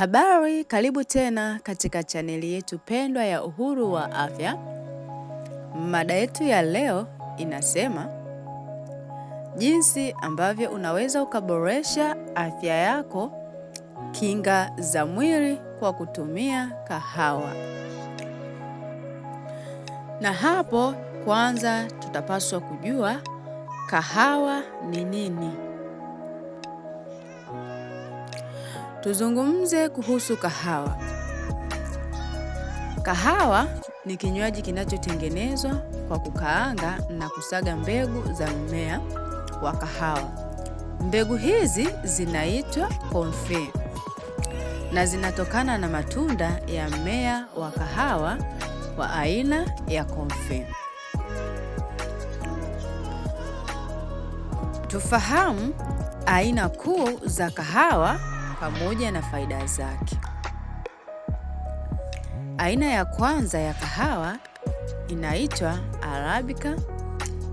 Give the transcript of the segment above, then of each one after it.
Habari, karibu tena katika chaneli yetu pendwa ya Uhuru wa Afya. Mada yetu ya leo inasema jinsi ambavyo unaweza ukaboresha afya yako, kinga za mwili kwa kutumia kahawa. Na hapo kwanza tutapaswa kujua kahawa ni nini. Tuzungumze kuhusu kahawa. Kahawa ni kinywaji kinachotengenezwa kwa kukaanga na kusaga mbegu za mmea wa kahawa. Mbegu hizi zinaitwa konfe na zinatokana na matunda ya mmea wa kahawa wa aina ya konfe. Tufahamu aina kuu za kahawa pamoja na faida zake. Aina ya kwanza ya kahawa inaitwa Arabica.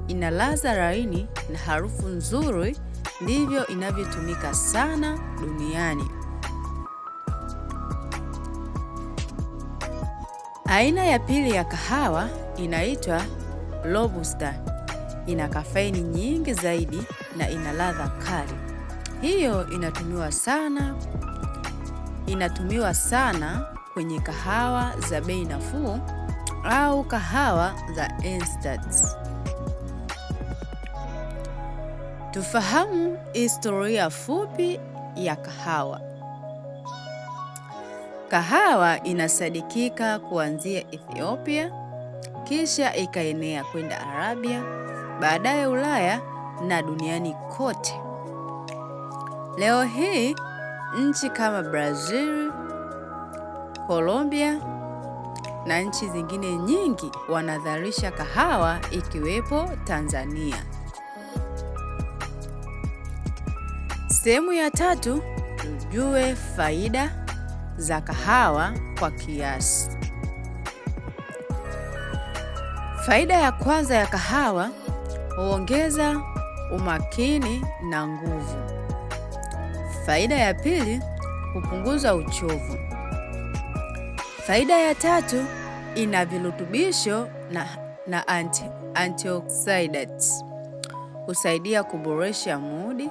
Ina ladha laini na harufu nzuri, ndivyo inavyotumika sana duniani. Aina ya pili ya kahawa inaitwa Robusta. Ina kafeini nyingi zaidi na ina ladha kali. Hiyo inatumiwa sana, inatumiwa sana kwenye kahawa za bei nafuu au kahawa za instant. Tufahamu historia fupi ya kahawa. Kahawa inasadikika kuanzia Ethiopia kisha ikaenea kwenda Arabia, baadaye Ulaya na duniani kote. Leo hii nchi kama Brazil, Colombia na nchi zingine nyingi wanadharisha kahawa ikiwepo Tanzania. Sehemu ya tatu, tujue faida za kahawa kwa kiasi. Faida ya kwanza ya kahawa huongeza umakini na nguvu. Faida ya pili, kupunguza uchovu. Faida ya tatu, ina virutubisho na, na anti, antioxidants. Husaidia kuboresha mudi.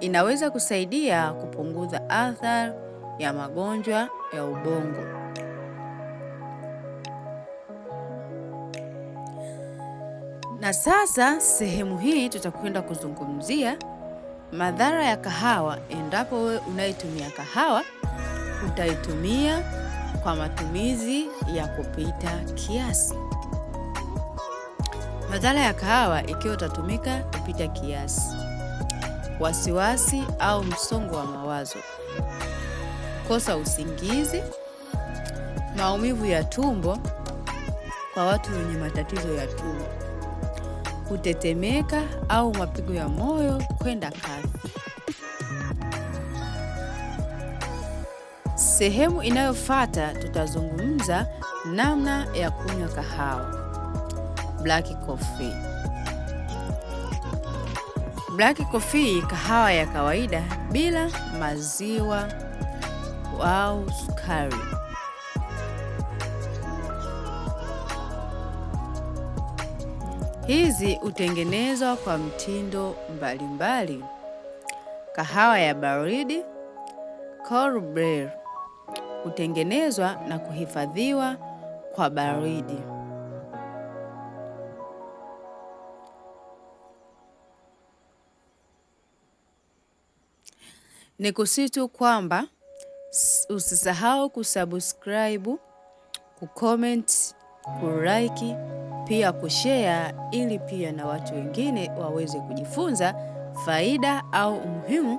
Inaweza kusaidia kupunguza athari ya magonjwa ya ubongo. Na sasa sehemu hii tutakwenda kuzungumzia Madhara ya kahawa, endapo wewe unaitumia kahawa, utaitumia kwa matumizi ya kupita kiasi. Madhara ya kahawa ikiwa utatumika kupita kiasi: wasiwasi au msongo wa mawazo, kosa usingizi, maumivu ya tumbo kwa watu wenye matatizo ya tumbo kutetemeka au mapigo ya moyo kwenda kasi. Sehemu inayofuata tutazungumza namna ya kunywa kahawa black coffee. Black coffee, kahawa ya kawaida bila maziwa au sukari. Hizi hutengenezwa kwa mtindo mbalimbali mbali. Kahawa ya baridi cold brew hutengenezwa na kuhifadhiwa kwa baridi. Ni kusitu kwamba usisahau kusubscribe, kucomment kulike, pia kushare, ili pia na watu wengine waweze kujifunza faida au umuhimu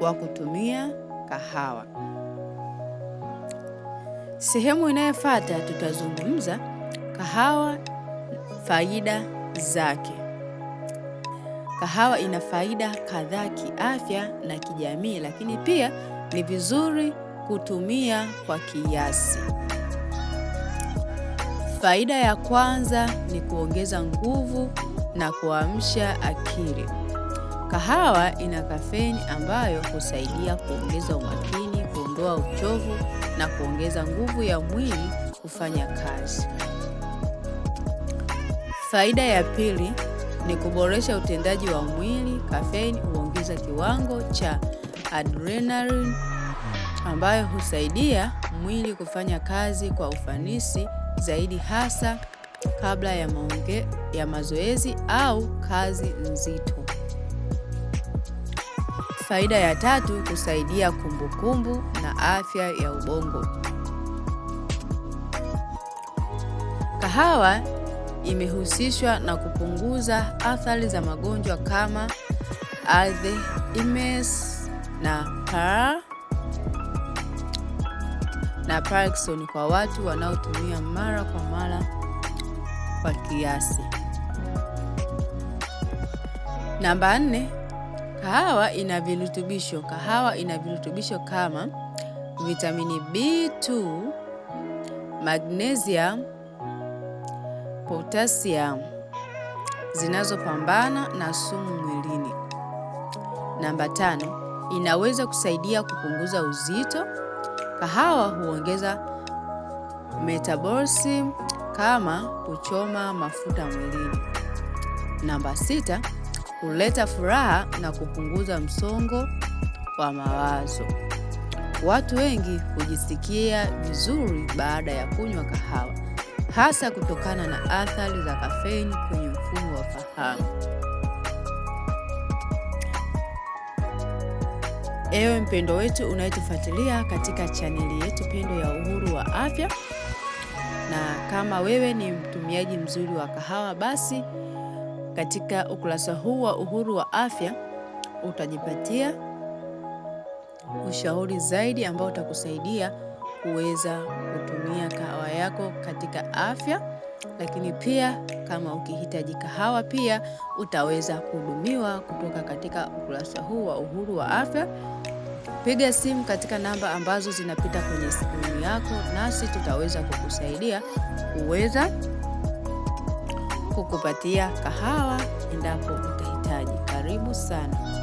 wa kutumia kahawa. Sehemu inayofuata tutazungumza kahawa, faida zake. Kahawa ina faida kadhaa kiafya na kijamii, lakini pia ni vizuri kutumia kwa kiasi. Faida ya kwanza ni kuongeza nguvu na kuamsha akili. Kahawa ina kafeni ambayo husaidia kuongeza umakini, kuondoa uchovu na kuongeza nguvu ya mwili kufanya kazi. Faida ya pili ni kuboresha utendaji wa mwili. Kafeni huongeza kiwango cha adrenaline ambayo husaidia mwili kufanya kazi kwa ufanisi zaidi hasa kabla ya maunge, ya mazoezi au kazi nzito. Faida ya tatu, kusaidia kumbukumbu -kumbu na afya ya ubongo. Kahawa imehusishwa na kupunguza athari za magonjwa kama Alzheimer's na Parkinson's na Parkinson kwa watu wanaotumia mara kwa mara kwa kiasi. Namba nne, kahawa ina virutubisho. Kahawa ina virutubisho kama vitamini B2, magnesium, potassium zinazopambana na sumu mwilini. Namba tano, inaweza kusaidia kupunguza uzito Kahawa huongeza metabolism kama kuchoma mafuta mwilini. Namba sita, huleta furaha na kupunguza msongo wa mawazo. Watu wengi hujisikia vizuri baada ya kunywa kahawa, hasa kutokana na athari za kafeini kwenye mfumo wa fahamu. Ewe mpendo wetu unayetufuatilia katika chaneli yetu pendo ya Uhuru wa Afya, na kama wewe ni mtumiaji mzuri wa kahawa, basi katika ukurasa huu wa Uhuru wa Afya utajipatia ushauri zaidi ambao utakusaidia kuweza kutumia kahawa yako katika afya lakini pia kama ukihitaji kahawa pia utaweza kuhudumiwa kutoka katika ukurasa huu wa Uhuru wa Afya. Piga simu katika namba ambazo zinapita kwenye skrini yako, nasi tutaweza kukusaidia kuweza kukupatia kahawa endapo utahitaji. Karibu sana.